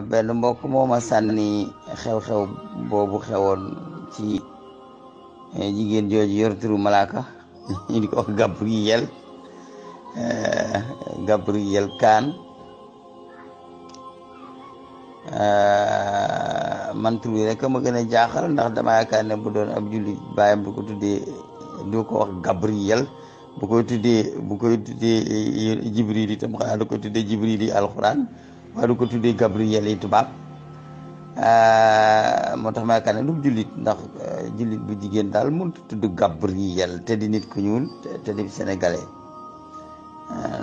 benn mbokk moo ma sànni xew-xew boobu xewoon ci eh, jigéen jooju yor turu malaaka ñu di ko Gabriel eh, Gabriel Kaan eh, man tur bi rek ma gën a jaaxal ndax dama yaakaar ne bu doon ab jullit baayam du ko tuddee du ko wax Gabriel bu koy tuddee bu koy tuddee Jibril itam xanaa du ko tuddee Jibril yi alxuraan waru ko tuddee Gabriel yi tubaab eh, moo tax ma yaakaar ne du jullit ndax jullit eh, bu jigéen daal mënut tudd Gabriel te ya. eh, di nit ku ñuul te di sénégalais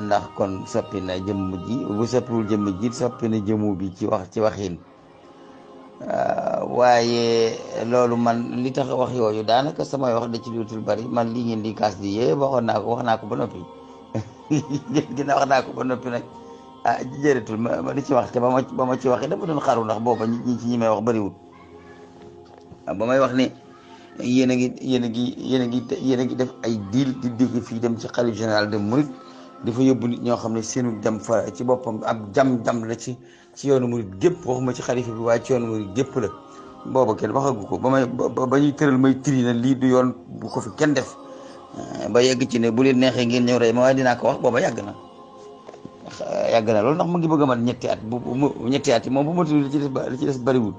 ndax kon soppi na jëmm ji bu soppiwul jëmm ji soppi na bi ci wax ci waxin man li tax wax yooyu daanaka samay wax da ci luutul bari man lii ngeen di kaas di yee waxoon naa ko ba ba ah jërëtul ma di ci wax te ba ma ba ci waxee dama doon xaru ndax booba ñi ci may wax bëriwul ah, ba may wax ne yéen a ngi yéen a ngi yéen a ngi yéen a def ay diil di dégg fii dem ci xalif général de Mouride dafa yóbbu ñoo xam ne seenu dem fa ci boppam ab jam-jam la ci ci yoonu Mouride gépp waxuma ci xalifa bi waaye ci yoonu gépp la booba kenn waxagu ko ba may ba ñuy tëral may tiri lii du yoon bu ko fi kenn def ah, ba yegg ci ne bu leen neexee ngeen ñëw rey ma waaye dinaa ko wax booba yàgg na yàgg na loolu ndax mu ngi bëgg a mat at bu ñetti at yi moom bu matul li ci des li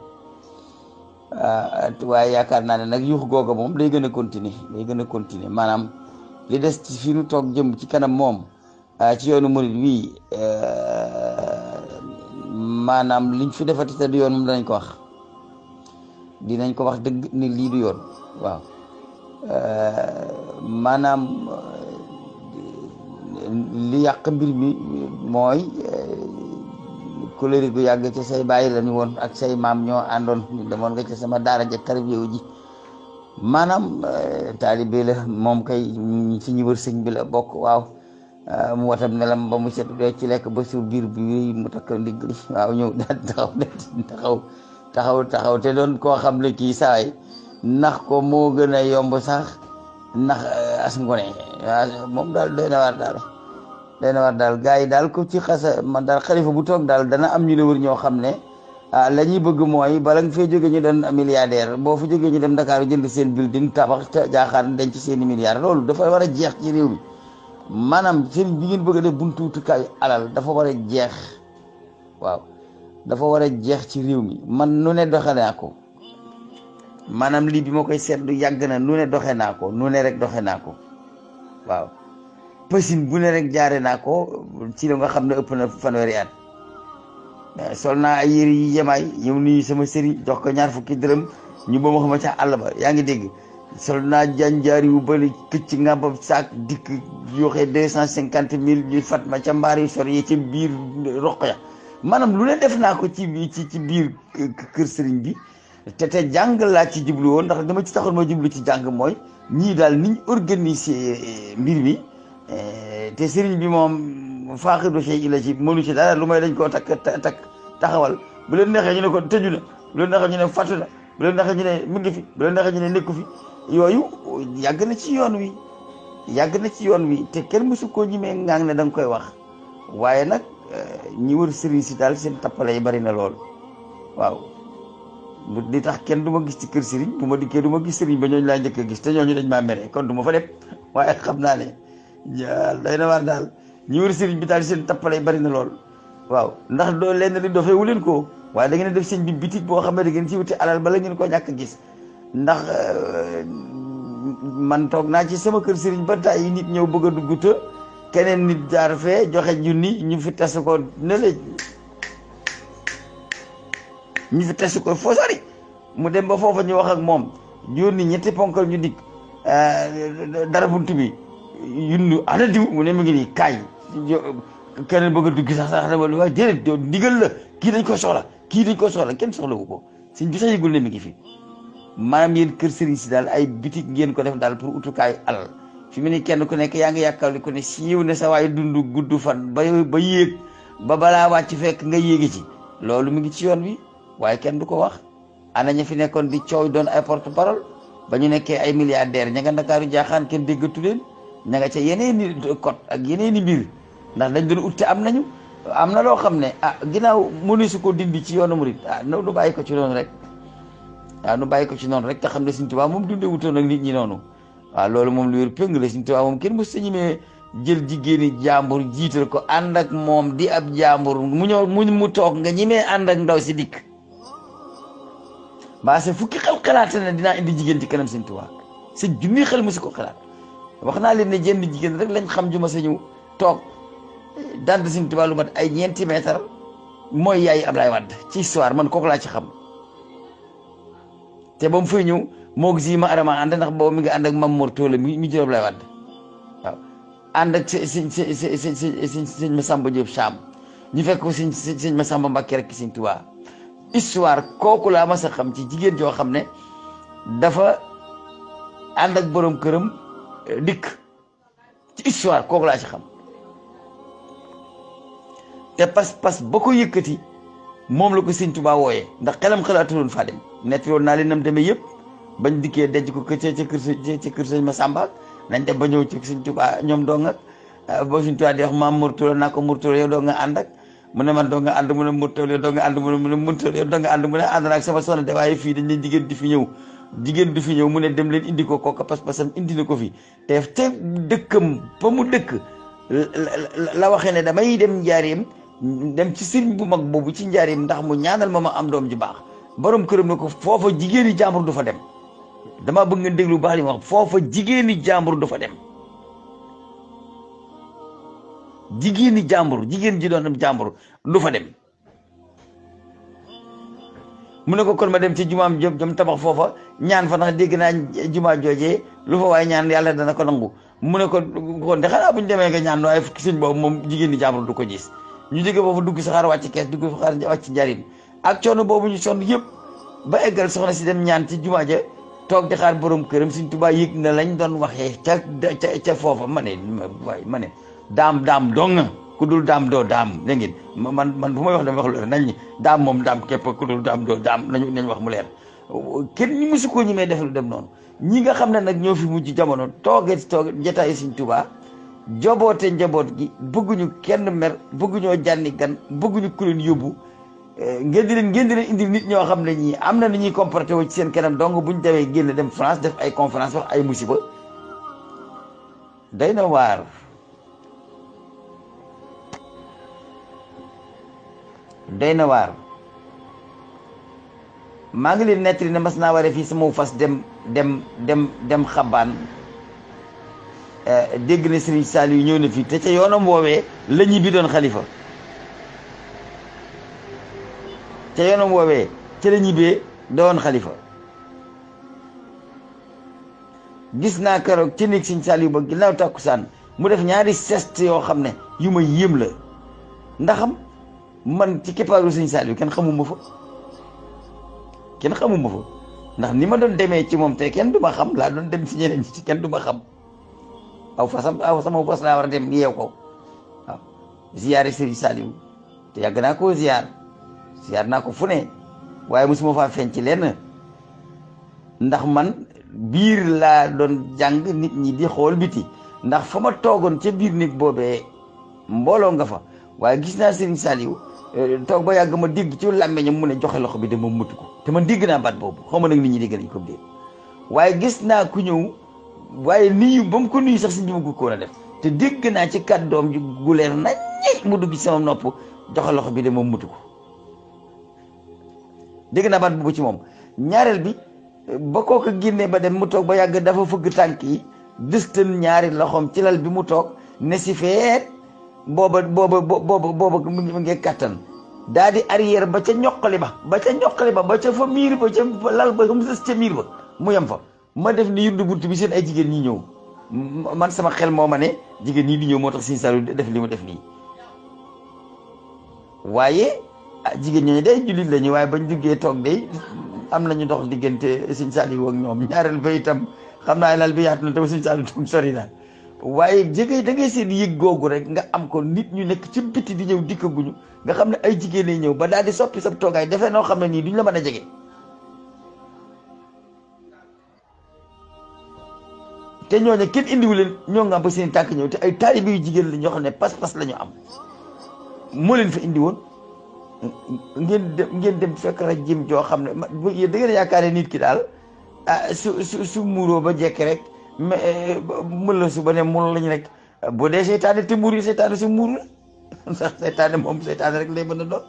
ah, waaye yaakaar naa ne nag yuux googa moom day gën a continuer day gën a continuer maanaam li des ci fi nu toog jëm ci kanam moom ah, ci yoonu murit wii eh, maanaam liñ fi defati te du yoon moom danañ ko wax dinañ ko wax dëgg ni lii du yoon waaw eh, maanaam li yàq mbir mi mooy kolëri eh, gu yàgg ci say bàyyi lañu woon ak say maam ñoo àndoon demoon nga ci sama daara ja tarbiyewu ji maanaam eh, taalibe la moom kay ci ñi wër sëñ bi la bokk waaw eh, mu watam nelam ba mu set doo ci lekk ba suur biir bi mu takk ndigg li waaw ñëw daal taxaw taxaw taxaw te doon koo xam ne kii saay nax ko moo gën a yomb sax ndax as ngone moom daal doy daal doy daal gars yi daal ku ci xasa man daal xalifa bu toog daal dana am ñu la wër ñoo xam ne ah la ñuy bëgg mooy bala nga fee jógee ñu doon milliardaire boo fa jógee ñu dem Dakar jënd seen building tabax te jaaxaan denc seen i milliards loolu dafa war a jeex ci réew mi maanaam seen bi ngeen bëgg a def buntu wutukaayu alal dafa war a jeex waaw dafa war a jeex ci réew mi man nu ne doxalee manam li bi ma koy seetlu yàgg na nu ne doxe nako, ko nu ne rek doxe nako, ko waaw pesin bu ne rek jaare naa ko ci la nga xam ne ëpp na fanweeri at eh, sol naa ay yére yi yemaay ñëw nuyu sama sëriñ jox ko ñaar fukki dërëm ñu ba ma xama ca ba dégg sol naa yu bëri këcc ngàmbam saak dikk yoxee deux cent ñu fat ma ca sori ya biir ya. lu ne def ci ci biir kër sëriñ bi te te jàng laa ci jublu woon ndax dama ci taxoon ma jublu ci jàng mooy ñii daal niñ organiser eh, mbir mi eh, te sëriñ bi moom faaxiru sey ila ci mënu ci dara lu may dañ koo takk takk taxawal bu leen neexee ñu ne ko tëju na bu leen neexee ñu ne fàttu na bu leen neexee ñu ne mu ngi fi bu ne nekku fi yooyu yàgg na ci yoon wi yàgg na ci yoon wi te kenn mësu koo ñimee ngaang ne danga koy wax waaye nag eh, ñi wër sëriñ si daal seen tappale yi bari na lool waaw bu di tax kenn du ma gis ci kër sëriñ bu ma dikkee du ma gis sëriñ ba ñooñu laa njëkk a gis te ñooñu dañ maa mere kon duma ma fa dem waaye xam naa ne day na waar daal ñi wër sëriñ bi daal seen tappalay bari na lool waaw ndax doo leen di dofee wuleen ko waaye da ngeen def seen bi bitig boo xam ne da ngeen ci wuti alal bala ngeen koo ñàkk gis ndax eh, man toog naa ci sama kër sëriñ ba tay yi nit ñëw bëgg a dugg te keneen nit jaar fee joxe junni ñu fi tas ko ne la ñu fi test ko foo mu dem ba foofa ñu wax ak moom yónni ñetti ponkal ñu dikk euh, dara bunt bi yundu ana mu ne mu ngi nii kaay keneen bëgg a dugg sax sax dama waaye déedéet ndigal la kii dañ ko soxla kii dañ ko soxla kenn soxla ko sëñ bi sax mi ngi fi maanaam yéen kër sëriñ daal ay bitik ngeen ko def daal pour utukaayu alal fi mu ne kenn ku nekk yaa ngi yàkkali ku ne siiw ne sa waaye dund gudd fan ba ba yéeg ba balaa wàcc fekk nga yéegi ci loolu mu ngi ci yoon bi waaye kenn du ko wax ana ña fi nekkoon di coow doon ay porte parole ba ñu nekkee ay milliardaire ña nga ndakaaru jaaxaan kenn déggatu leen ca yeneen i ak yeneen i ndax dañ doon utte am nañu am na loo xam ne ah ginnaaw mënu su ko dindi ci yoonu murit ah nu bàyyi ko ci noonu rek waaw ah, nu bàyyi ci noonu rek te xam ne Sëñ Tuubaa moom dundee wutoon ak nit ñi noonu waaw ah, loolu moom lu wér péng la Sëñ Tuubaa moom kenn mu sañimee jël ko ak di ab mu mu ak ndaw mbaa seen fukki xel xalaate ne dinaa indi jigéen ci kanam seen tubaab seen junni xel mu si ko xalaat wax naa leen ne jenn jigéen rek lañ xam juma ma sañu toog dand seen tubaab lu mat ay ñeenti mètre mooy yaay Ablaye Wade ci histoire man kooku laa ci xam te ba mu fay ñëw moog si ma arama ànd ndax boobu mi ànd ak mam Mor Toole mi mi jur Ablaye Wade waaw ànd ak sëñ sëñ sëñ sëñ sëñ Massamba Diop Cham ñu fekk ko sëñ ma Massamba Mbacke rek sëñ Tuubaa histoire kooku laa mas a xam ci ne dafa ànd ak borom dik, eh, dikk ci histoire kooku laa ci xam te pas-pas ba ko mom moom la ko sëñ Tuubaa wooyee ndax xelam xalaatuloon faa dem nett yoon naa leen nam demee yëpp bañ dikkee denc ko ca ca kër ca kër sëñ Masamba nañ dem ba ñëw ci sëñ Tuubaa ñoom eh, di wax yow nga ak mu ne man doo nga ànd mu ne murtal yow doo nga ànd mu ne mu ne murtal yow doo nga ànd mu ne sama soxna de waaye fii dañ ne jigéen di fi ñëw jigéen du fi ñëw mu ne dem leen indi ko kooka pas-pasam indi na ko fi te te dëkkam ba mu dëkk la waxee ne damay dem njaareem dem ci sëriñ bu mag boobu ci njaareem ndax mu ñaanal ma ma am doom ju baax borom këram ne ko foofa jigéeni jàmbur du fa dem dama bëgg nga déglu baax li ma wax foofa jigéeni jàmbur du fa dem jigéeni jàmbur jigéen ji doon dem jàmbur du fa dem mu ne ko kon ma dem ci jumaam jom jom tabax foofa ñaan fa dégg naa jumaa joojee lu fa waaye ñaan yàlla dana ko nangu mu ne ko kon de xanaa bu ñu demee nga ñaan waaye sëñ boobu moom jigéen ñi jàmbur du ko gis ñu jóge foofa dugg saxaar wàcc kees dugg saxaar wàcc njariñ ak coono boobu ñu sonn yëpp ba eggal soxna si dem ñaan ci jumaa ja toog di xaar borom këram sëñ Tuubaa yëg na lañ doon waxee ca ca ca foofa ma ne waaye ma ne daam daam dong ku dul daam doo daam dégg ngeen man man bu may wax dama wax lu nañ daam moom daam képp ku dul daam doo daam nañu nañ wax mu leer kenn ñu musu ko ñi may def lu dem noonu ñi nga xam ne nag ñoo fi mujj jamono tooge tooge jotaayu Sëñ Tuubaa jobootee njaboot gi bëgguñu kenn mer bëgguñoo jànni gan bëgguñu ku leen yóbbu ngeen eh, di ngeen di leen indi nit ñoo xam ne ñii am na nu ñuy comporté wu ci seen kanam donc buñ demee génn dem France def ay conférence wax ay musiba day na waar doy na waar maa ngi leen nettali ne mas naa waree fii sama fas dem dem dem dem xabaan eh, dégg na Serigne Saliou ñëw na fii te ca yoonam woowee la ñi bi doon xalifa ca yoonam woowee ca la ñibbee doon xalifa gis naa keroog ci néeg Serigne Saliou ba ginnaaw tàkkusaan mu def ñaari sest yoo xam ne yu ma yéem la ndaxam man ci keppaaru sëñ Saliou kenn xamuma fa kenn xamuma fa ndax ni ma doon demee ci moom te kenn du ma xam laa doon dem ci ñeneen ci kenn du xam aw aw sama war a dem yeew ko waaw ziyaare sëriñ Saliou te yàgg naa koo ziyaar ziyaar naa ko fu ne waaye mosuma faa feeñ ci lenn ndax man biir laa doon jàng nit ñi di xool biti ndax fa ma toogoon ci biir nit boobee mbooloo nga fa waaye gis naa sëriñ Saliou Eh, toog ba yàgg ma digg ci làmmiñam mu ne joxe loxo bi de ma mutu ko te man digg naa baat boobu xaw ma nag nit ñi dégg nañ ko déet waaye gis naa ku ñëw waaye nuyu ba mu ko nuyu sax si ñi ko a def te dégg naa ci kàddoom ju guleer nañ mu dugg ci nopp joxe loxo bi de ma mutu ko dégg naa baat boobu ci moom ñaareel bi ba kooku génnee ba dem mu toog ba yàgg dafa fëgg tànk yi dëstan ñaari loxoom ci lal bi mu toog ne si feet booba booba booba booba mu ngi kattan daa di arrière ba ca ñoqali ba ba ca ñoqali ba ba ca fa miir ba ca lal ba mu des ca ba mu yem fa ma def ni yurdu bunt bi seen ay jigéen ñi ñëw man sama xel moo ma ne jigéen ñi di ñëw moo tax Sëñ Saliou def li mu def nii waaye ah, jigéen ñooñu day jullit lañu waaye bañ duggee toog day am nañu dox diggante Sëñ Saliou ak ñoom ñaareel ba itam xam lal bi yaatu na te Sëñ Saliou sori na waaye jege da ngay seen yëg googu rek nga am ko nit ñu nekk ci biti di ñëw dikkaguñu nga xam ne ay jigéen ñëw ba daal di soppi sa toogaay defe noo xam ne nii duñ la man a jege. te ñooñu kenn indiwu leen ñoo nga ba seen tànk ñëw te ay taalibe yu jigéen la ñoo xam ne pas-pas la ñu am moo leen fa indi woon ngeen dem ngeen dem fekk rajim joo xam ne da ngeen yaakaar ne nit ki daal ah su su su muuroo ba jekk rek. mais mën la suba ne mën lañ rek boo dee seytaane te muur yi seytaane si muur la ndax seytaane moom seytaane rek lay mën a doon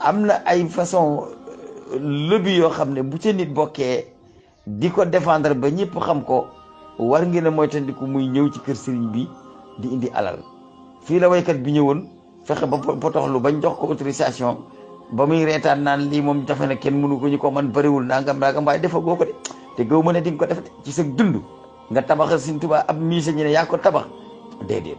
am na ay façon euh, lëbi yoo xam ne bu ca nit bokkee di ko défendre ba ñëpp xam ko war ngeen a moytandiku muy ñëw ci kër sëriñ bi di indi alal fii la waykat bi ñëwoon fexe ba potoxlu bañ jox ko autorisation ba muy reetaan naan lii moom jafe na kenn mënu ko ñu ko man bëriwul nangam nangam waaye defagoo ko de te gëw ma ne di nga ko def ci sa dund nga tabaxa Sëñ tubaa ab musée ñu ne yaa ko tabax déedéet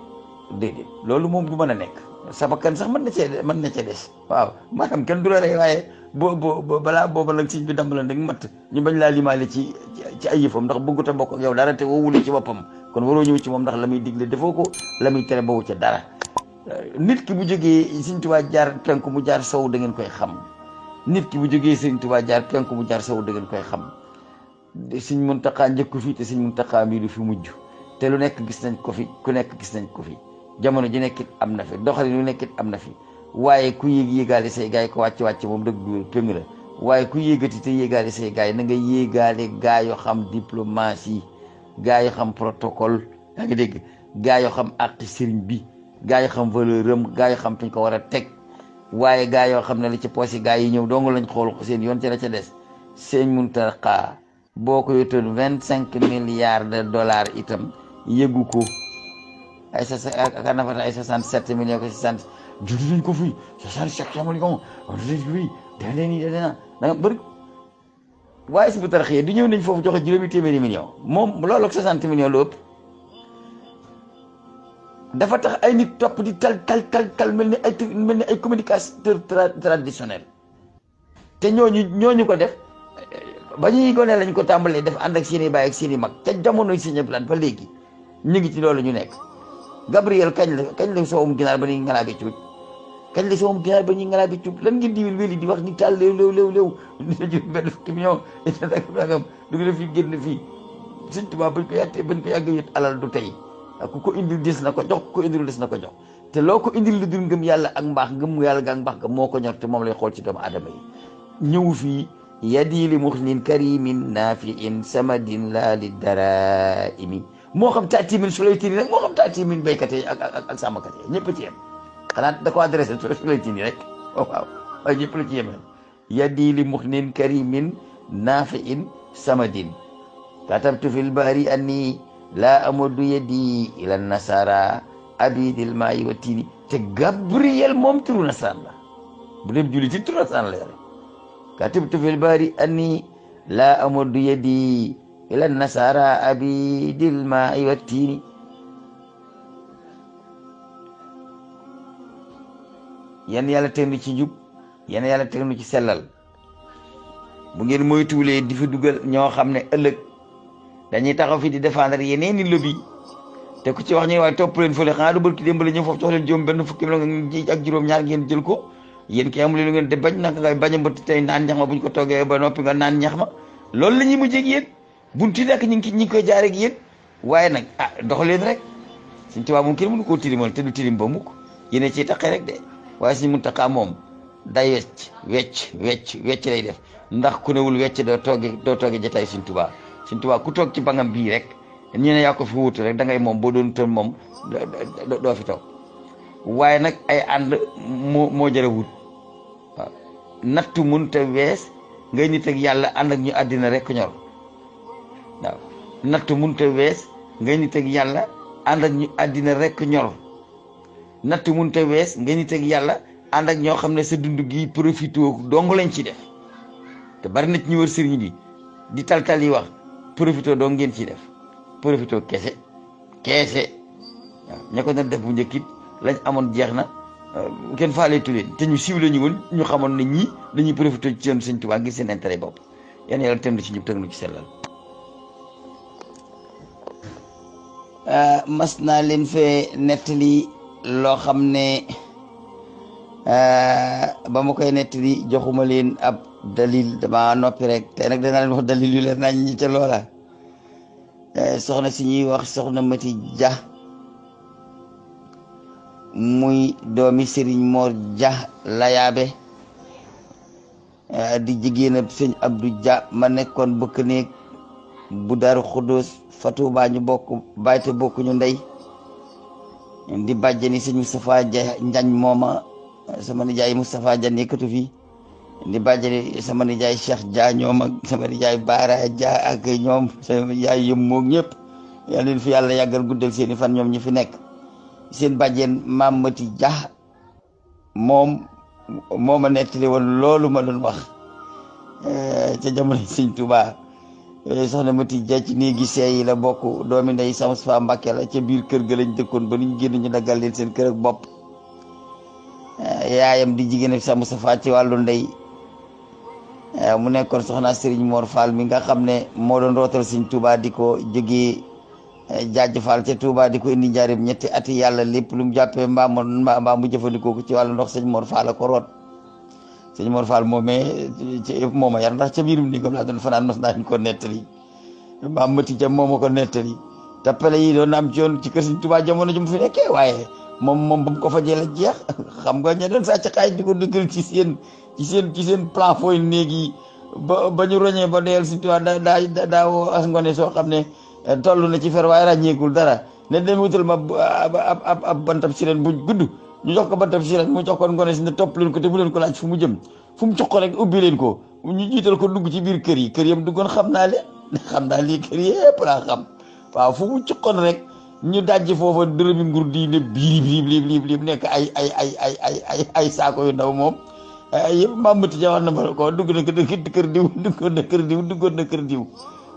déedéet loolu moom du mën a nekk sa bakkan sax mën na mën na cee des waaw maanaam kenn du la waaye boo boo balaa booba la sëñ bi dambalan rek matt ñu bañ laa limaale ci ci ay yëfam ndax bëggut a bokk yow dara te woowule ci boppam kon waroo ñëw ci moom ndax la muy digle defoo ko la muy tere boobu ca dara nit ki bu jógee Sëñ Tuubaa jaar penku mu jaar sow da ngeen koy xam nit ki bu jógee Sëñ Tuubaa jaar penku mu jaar sow da ngeen koy xam mun Muntaxa njëkku fii te sëñ Muntaxa mii du fi mujj te lu nekk gis nañ ko fi ku nekk gis nañ ko fi jamono ji nekkit am na fi doxalin lu nekkit am na fi waaye ku yéeg yéegaale say gaay ko wàcc wàcc moom dëgg péng la waaye ku yéegati te yéegaale say gaay na nga yéegaale gaa yoo xam diplomatie gaa yi xam protocole yaa ngi dégg gaa yoo xam àqi sëriñ bi gaa yi xam valeur gaa yi xam fi ko war a teg waaye gaa yoo xam ne li ci poos yi gaa yi ñëw dong lañ xool seen yoon ci la ca des sëñ Muntaxa boo ko yotoon vingt cinq milliards de dollars itam yëgu ko ay sa ka nafata ay soixante sept millions ko soixante judi nañ ko fii soixante sept millions judi fii da leen da bu taraxee di ñëw nañ foofu joxe juróomi téeméeri millions moom loolu ak soixante millions lu ëpp dafa tax ay nit topp di tal tal tal mel ni ay mel ni ay communicateur traditionnel te ñooñu ñooñu ko def ba ñuy gone lañ ko tàmbalee def ànd ak seen i baay ak seen i mag ca jamonoy Sëñ Abdu Lahat ba léegi ñu ngi ci loolu kañ la kañ la soowum ginaar ba ñuy ngalaa bi cuuj kañ la soowum ginaar ba ñuy ngalaa bi cuuj lan di wéli di wax ni taal léew léew léew léew ju benn fukki million nangam fi génn fii Sëñ Tuubaa bañ ko yàttee bañ du tey ku ko indil des na ko jox ko indil des na ko jox te loo ko indil lu dul yàlla ak mbaax ngëm yàlla ga ga moo ko ñor te moom lay xool ci doomu aadama yi fii yadi li karimin nafiin samadin la li daraimi moo xam taati min sulaytini rek moo xam taati min béykat yi ak ak ak sàmmkat yi ñëpp ci yem xanaa sulaytini rek oh, waaw waaw yadi li karimin nafiin samadin katabtu fi lbahri ani la amadu yadi ila nasara abidil maayi wa tini te gabriel moom turu nasaan la bu dem julli كتبت في الباري أني لا أمد يدي إلى النصارى أبي ذي الماء والتين yenn yàlla teg nu ci njub yenn yàlla teg ci bu ngeen di fi dugal ñoo xam ne ëllëg dañuy taxaw fi di défendre yeneen ni lobby te ku ci wax ñu waaye topp leen fële xanaa du bërki démb la ñëw leen fukki ak ñaar ngeen jël ko yéen kay amul lu ngeen di bañ naka ngay bañ a tey naan ñax ma buñ ko toggee ba noppi nga naan ñax ma loolu la ñuy mujjee ak yéen bunti nekk ñu ngi ñu ngi koy jaaree ak yéen waaye nag a ah, dox leen rek suñ tubaab moom kenn mënu koo tilimal te du tilim ba mukk yéen a ciy taqee rek de waaye suñ mun taqaa moom day wecc wecc wecc wecc lay def ndax ku newul wecc doo toogee doo toogee jotaay suñ tubaab suñ tubaab ku toog ci bangam bii rek ñu ne ko fi rek da ngay moom boo doon toon moom doo fi toog waaye nag ay ànd mo moo jarawut waaw nattu mënut a wees ngay nit ak yàlla ànd ak ñu àddina rek ñor waaw nattu mënut a wees ngay nit ak yàlla ànd ak ñu àddina rek ñor nattu mënut a wees ngay nit ak yàlla ànd ak ñoo xam ne sa dund gi profité dong lañ ci def te bari na ci ñu wër sëriñ bi di taltal yi wax profité dong ngeen ci def profité keese keese waaw ña ko doon def bu njëkkit lañ amoon jeex na euh, kenn faaleetu leen te ñu siiw la ñu woon ñu xamoon ne ñii dañuy profité ci yoon Sëñ Tuubaa ngir seen intérêt bopp yan yàlla tëm ci ñëpp tëg nu ci sellal euh, mas naa leen fee nettali loo xam ne euh, ba ma koy nettali joxuma leen ab dalil dama noppi rek te nag danaa leen wax dalil yu leer nañ ñi ca loola soxna si ñuy wax soxna Mati Ja muy doomi Serigne Mor Dia Layaabe eh, di jigéenam sëñ Abdou Dia ma nekkoon bëkk néeg bu Daaru Xuddoos Fatuubaa bokk bayte bokk ñu ndey di bàjjani sëñ Moustapha Dia Njañ mooma sama jaay Moustapha Dia nekkatu fi di bàjjani sama nijaay Cheikh Dia ak sama nijaay Baara Dia ak ñoom sama nijaay yëm ñëpp fi yàlla yàggal guddal seeni fan ñoom ñi fi nekk seen bàjjeen maam mati jax moom moo ma nettali woon loolu ma doon wax eh, ca jamono sëñ Tuubaa eh, soxna mati ja ci nii gi seeyi la bokk doomi ndey sams fa Mbàkke la ca biir kër ga lañ dëkkoon ba ñu génn ñu daggal leen seen kër ak bopp eh, yaayam di jigéen ak fa ci wàllu ndey mu nekkoon soxna Sëriñ Mor Fall mi nga xam ne moo doon rootal sëñ Tuubaa di ko jógee jaajëfal ca Touba di ko indi njaareem ñetti ati yàlla lépp lu mu jàppee mbaa mu mbaa mu jëfandikoo ko ci wàllu ndox sëñ Mor Fall a ko root sëñ Mor Fall moomee ci yëpp mooma yar ndax ca biirum a laa doon fanaan naa ñu ko nettali mbaa mëti ca mooma ko nettali tappale yi doon am ci yoon ci kër sëñ Touba jamono ji mu fi nekkee waaye moom moom bu mu ko fajee la jeex xam nga ña doon sàcc xaaj di ko dëggal ci seen ci seen ci seen plafond néeg yi ba ba ñu roñee ba deel sëñ Touba daa daa daa as ngone soo xam ne Eh, toll na ci fer waaye ràññeekul dara ne dem wutal ma ab ab ab bantab sirène bu gudd ñu jox ko bantab sirène mu jox ko ngone si ne topp leen ko te bu leen ko laaj fu mu jëm fu mu jox ko rek ubbi leen ko ñu jiital ko dugg ci biir kër yi kër yam duggoon xam naa xam naa lii kër yëpp laa waaw fu mu joxoon rek ñu dajji foofa dërëmi ngur di ne biir biir biir biir nekk ay ay ay ay ay ay ay saako yu ndaw moom eh, yëpp Mamadou Dia wax na ma ko dugg na kër diw duggoon na kër diw duggoon na kër diw.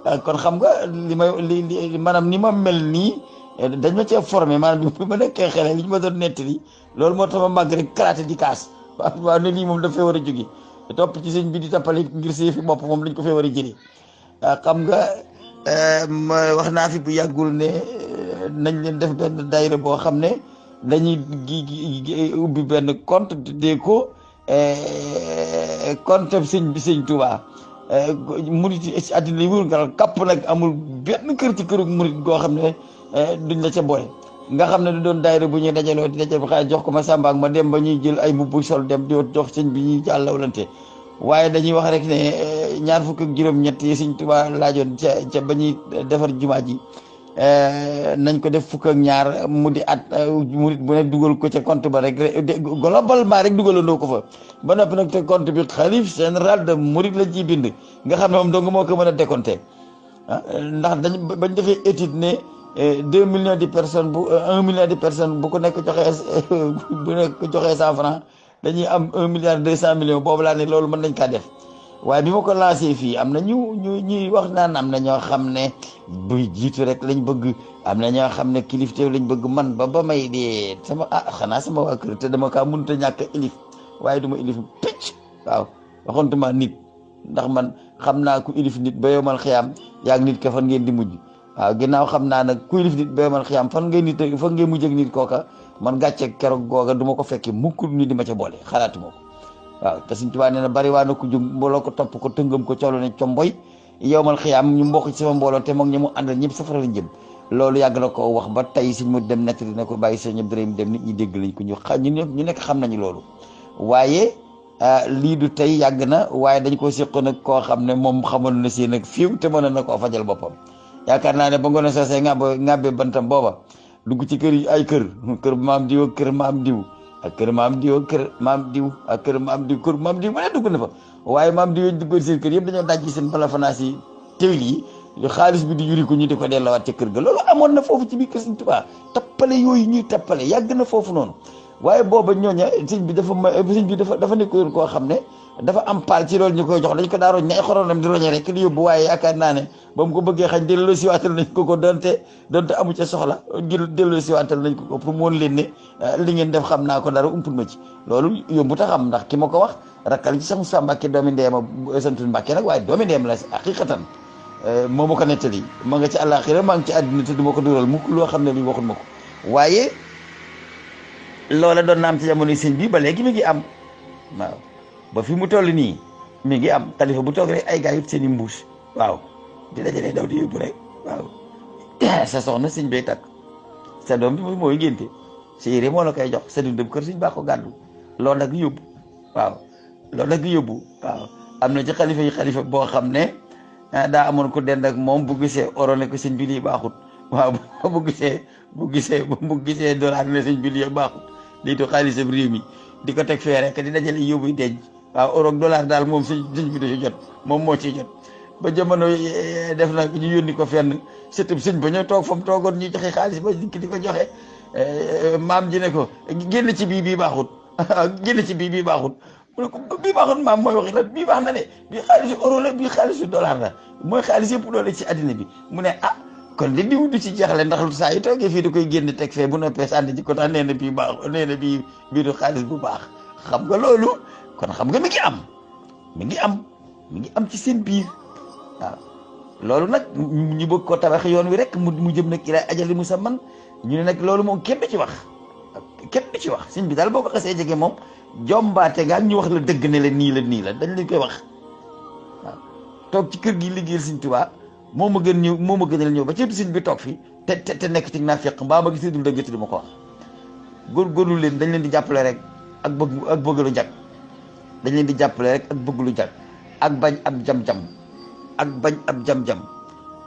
Euh, kon xam nga li may li li maanaam ni ma mel nii eh, dañ ma cee formé maanaam bi ma nekkee xale li ñu ma doon nettali loolu moo tax ma màgg rek karaté di kaas waaw ne lii moom daf fee war a jóge topp ci sëñ di tappale ngir si fi moom dañ ko fee war a jëlee ah, xam nga eh, ma naa fi bu yàggul ne eh, nañ leen def benn daayira boo xam ne dañuy ubbi benn compte de ko compte sëñ bi sëñ Touba. Euh, murit yi ci àddina yi wër garal kàpp nag amul benn kër ci këru murit goo xam ne euh, duñ la ca boole nga xam ne du doon daayira bu ñuy dajaloo di dajal xaay jox ko ma Samba ak ma dem ba ñuy jël ay mbubb sol dem di jox sëñ bi ñuy jàllawlante waaye dañuy wax rek ne euh, ñaar fukk ak juróom-ñett yi sëñ Tuubaa laajoon ca ca ba ñuy defar jumaa ji Eh, nañ ko def fukk ak ñaar mu di at eh, murit bu ne dugal ko ca compte ba rek globalement rek dugalandoo ko fa ba noppi nag te compte bi xalif général de murit la ciy bind nga xam ne moom dong moo ko mën a décompté ah, ndax dañ bañ defee étude ne eh, deux millions de personnes bu un million de personnes bu ko nekk joxee bu nekk joxee cent franc dañuy am un milliard deux cent millions boobu laa ne loolu mën nañ kaa def waaye bi ma ko lancé fii am na ñu ñu ñuy wax naan am na ñoo xam ne buy jiitu rek lañ bëgg am na ñoo xam ne kilifteew lañ bëgg man ba ba may dee sama ah xanaa sama waa kër te dama ka mënut a ñàkk ilif waaye du ma ilif picc waaw waxantuma nit ndax man xam naa ku ilif nit ba yomal xiyaam yaag nit ka fan ngeen di mujj waaw ginnaaw xam naa nag ku ilif nit ba yomal xiyaam fan ngeen nit fan ngeen mujj ak nit kooka man gàcce keroog googa du ko fekkee mukk ñu di ma ca boole xalaatuma ko waaw te suñ tubaa nee na bari waa na ko jum mbooloo ko topp ko tëngam ko coolo ne comboy yowmal xiyaam ñu mbokk ci sama mbooloo te moom ñi mu àndal ñëpp safara lañ jëm loolu yàgg na ko wax ba tey suñ mu dem nettali na ko bàyyi sëñ Abdourahim dem nit ñi dégg lañ ko ñu xa ñu nekk xam nañu loolu waaye ah, lii du tey yàgg na waaye dañ ko séqoon ak koo xam ne moom xamoon na seen ak fiiw te mënoon na koo fajal boppam yaakaar naa ne ba ngoon a soosee ŋàbb ŋàbbee bantam booba dugg ci kër ay kër kër maam diw kër maam diw ak kër maam diw ak kër maam diw ak kër maam diw kër maam diw ma ne dugg na fa waaye maam diw yooyu duggoon seen kër yëpp dañoo dajji seen palafanaas yi tewil yi xaalis bi di yuri ko ñu di ko dellawaat ca kër ga loolu amoon na foofu ci biir kër Sëñ Tuubaa tappale yooyu ñuy tappale yàgg na foofu noonu waaye booba ñooña sëñ bi dafa ma sëñ bi dafa dafa nekkoon koo xam ne dafa am paal ci loolu ñu koy jox dañ ko daa roñ ne xoronam di roñe rek di yóbbu waaye yaakaar naa ne ba mu ko bëggee xañ delloo siwaatal nañ ko ko donte donte amu ca soxla delloo siwaatal nañ ko ko pour moon leen ne ah, li ngeen def xam ko dara umpul ma ci loolu yóbbu ta xam ndax ki ko wax rakkal ci sax Moussa Mbacke doomi ndeema santul Mbacke nag waaye doomi ndeem la haqiqatan eh, moo ma ko nettali ma nga ci àllaaxira maa ngi ci àddina te du ko dural mukk loo xam li waxul ma ko waaye loola doon am ci jamono sëñ bi ba léegi mi ngi am waaw ba fi mu toll nii mi ngi am talifa bu toog rek ay gars yit seen i mbuus waaw di dajale daw di yóbbu rek waaw sa soxna siñ bay takk sa doom bi mooy mooy ngénte si yére moo la koy jox sa dundam kër suñ baax gàddu loolu nag yóbbu waaw loolu nag yóbbu waaw am na ci xalifa yi xalifa boo xam ne ah, daa amoon ko dend ak moom bu gisee oro ne ko sëñ bi lii baaxut waaw bu gisee bu gisee gisee dollar ne sëñ bi lii baaxut liitu xaalisam réew mi di ko teg fee rek di dajale yóbbuy denc waaw euro ak dollar daal moom si sëñ bi da ci jot moom moo ciy jot ba jamono eh, def na ñu yónni ko fenn sëtub sëñ ba ñoo toog fa mu toogoon ñu joxe xaalis ba dikk di ko joxe eh, maam ji ne ko génn ci bii bii baaxut génn ci bii bii baaxut mu ne ko bii maam mooy waxi la bii baax na ne bii xaalisu euro la bii xaalisu dollar la mooy xaalis yëpp doole ci àddina bi mu ne ah kon li diw du ci jeexle ndax saa yu toogee fii da koy génn teg fee bu noppee sànni ji ko tax nee na bii baax nee na bii bii xaalis bu baax xam nga loolu kon xam nga mi ngi am mi ngi am mi ngi am ci seen biir waaw loolu nag ñu bëgg koo tabax yoon wi rek mu jëm nag ilaa ajali musamman ñu ne nag loolu moom kenn du ci wax kenn du ci wax sëñ bi daal boo ko xasee jege moom jombaate nga ñu wax la dëgg ne nii la nii la dañ leen koy wax toog ci kër gi liggéey sëñ Tuubaa moo ma gën ñëw moo ma gënal ñëw ba ci sëñ bi toog fi te te te nekk ci naa fekk mbaa ma gisee dul dëgg ti du ma ko wax góorgóorlu leen dañ leen di jàppale rek ak bëgg ak bëgg lu dañ di jàppale rek ak bëgg lu jag ak bañ ab jam-jam ak bañ ab jam-jam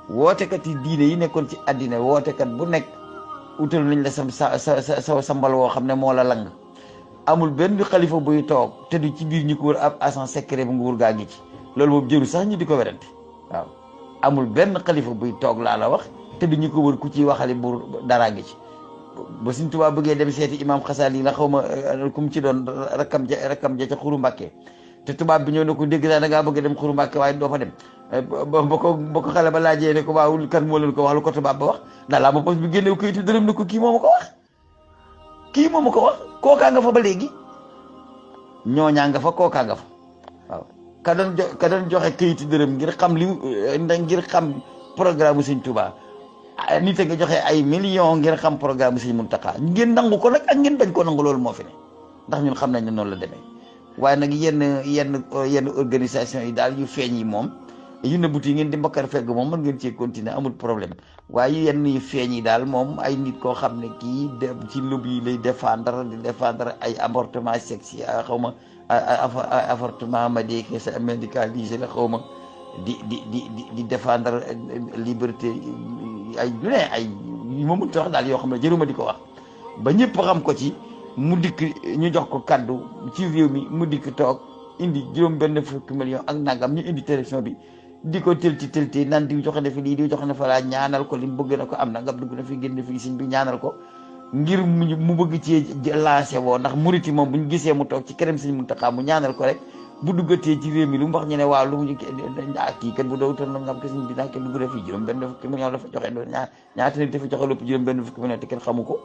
wootekat yi diine yi nekkoon ci àddina wootekat bu nekk utal nañ la sam sa sa sa sambal woo xam ne moo la lang amul benn xalifa buy toog te du ci biir ñu ko wër ab agent secret bu nguur gaa ngi ci loolu moom jëru sax ñu di ko werante waaw amul benn xalifa buy toog laa la wax te du ñu ko wër ku ciy waxali buur daraa ngi ci ba Sëñ Tuubaa bëggee dem seeti imaam Xasaali la xaw ma euh, kum ci doon rakkam ja rakkam ja ca xuru tubaab ko dégg naa bëgg dem xuru Mbàkke waaye doo fa dem euh, ba ko ba ko xale ba ko waawul kan moo leen ko wax lu ko tubaab ba wax daal laa ma pos bi génnew kayitu dërëm ne ko moo ko wax kii moo ko wax kookaa nga fa ba léegi ñooñaa nga fa kookaa nga fa waaw ka doon jo ka doon joxe kayitu dërëm ngir xam li euh, ngir xam programme Sëñ Tuubaa Ah, nit a nga joxe ay million ngeen xam programme bi Sëñ Muntaxa ngeen nangu ko nag ak ngeen bañ ko nangu loolu moo fi ne ndax ñun xam nañ ne noonu la demee waaye nag yenn yenn yenn organisation yi daal yu feeñ yi moom yu nëbbut yi ngeen di mbakkar fegg moom mën ngeen cee continuer amul problème waaye yenn yu feeñ yi daal moom ay nit koo xam ne kii de ci lobby yi lay défendre di défendre ay avortement sexy xaw ma avortement médicalisé la xaw ma di di di di défendre euh, euh, liberté euh, ay lu ne ay yu ma mënta wax daal yoo xam ne jëruma di ko wax ba ñëpp xam ko ci mu dikk ñu jox ko kàddu ci réew mi mu dikk toog indi juróom benn fukki million ak nangam ñu indi télévision bi di ko tëlti tëlti naan di jox na fi lii di joxe na fa laa ñaanal ko li mu bëgg na ko am na ngam dugg na fi génn fii siñ bi ñaanal ko ngir mu bëgg ci lancé woo ndax murit yi moom bu ñu gisee mu toog ci këram Sëñ Muntaxa mu ñaanal ko rek bu duggatee ci réew mi lu mu wax ne waaw lu mu ah kii kat bu dootoon nag nga xam kese bi daa kenn dugg benn fukki million dafa joxe ñaar ñaata nit dafa joxe lépp juróom-benn fukki million ko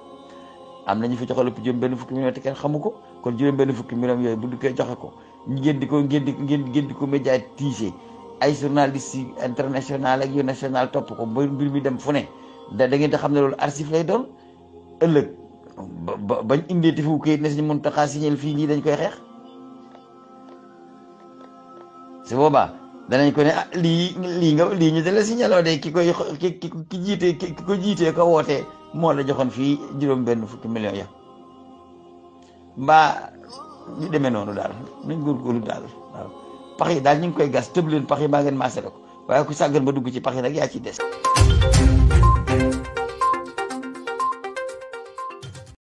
am na ko kon juróom-benn fukki million yooyu bu duggee joxe ko ngeen di ko ngeen di ngeen di ko médiatiser ay journalistes yi international national topp ko ba mbir mi dem fu ne da da ngeen di xam ne loolu archive lay doon ëllëg ba bañ indee te fu kayit ne suñu Muntaxa signal fii ñii dañ koy xeex. su boobaa danañ ko ne ah lii lii nga lii ñu si signaloo de ki koy ki ki jiitee ki ko jiitee ko wootee moo la joxoon fii juróom benn fukki millions ya mbaa ñu demee noonu daal nañ góorgóorlu daal waaw pax yi daal ñu ngi koy gas tëb leen pax yi maa ngeen maasale ko waaye ku sàggan ba dugg ci pax yi nag yaa ci des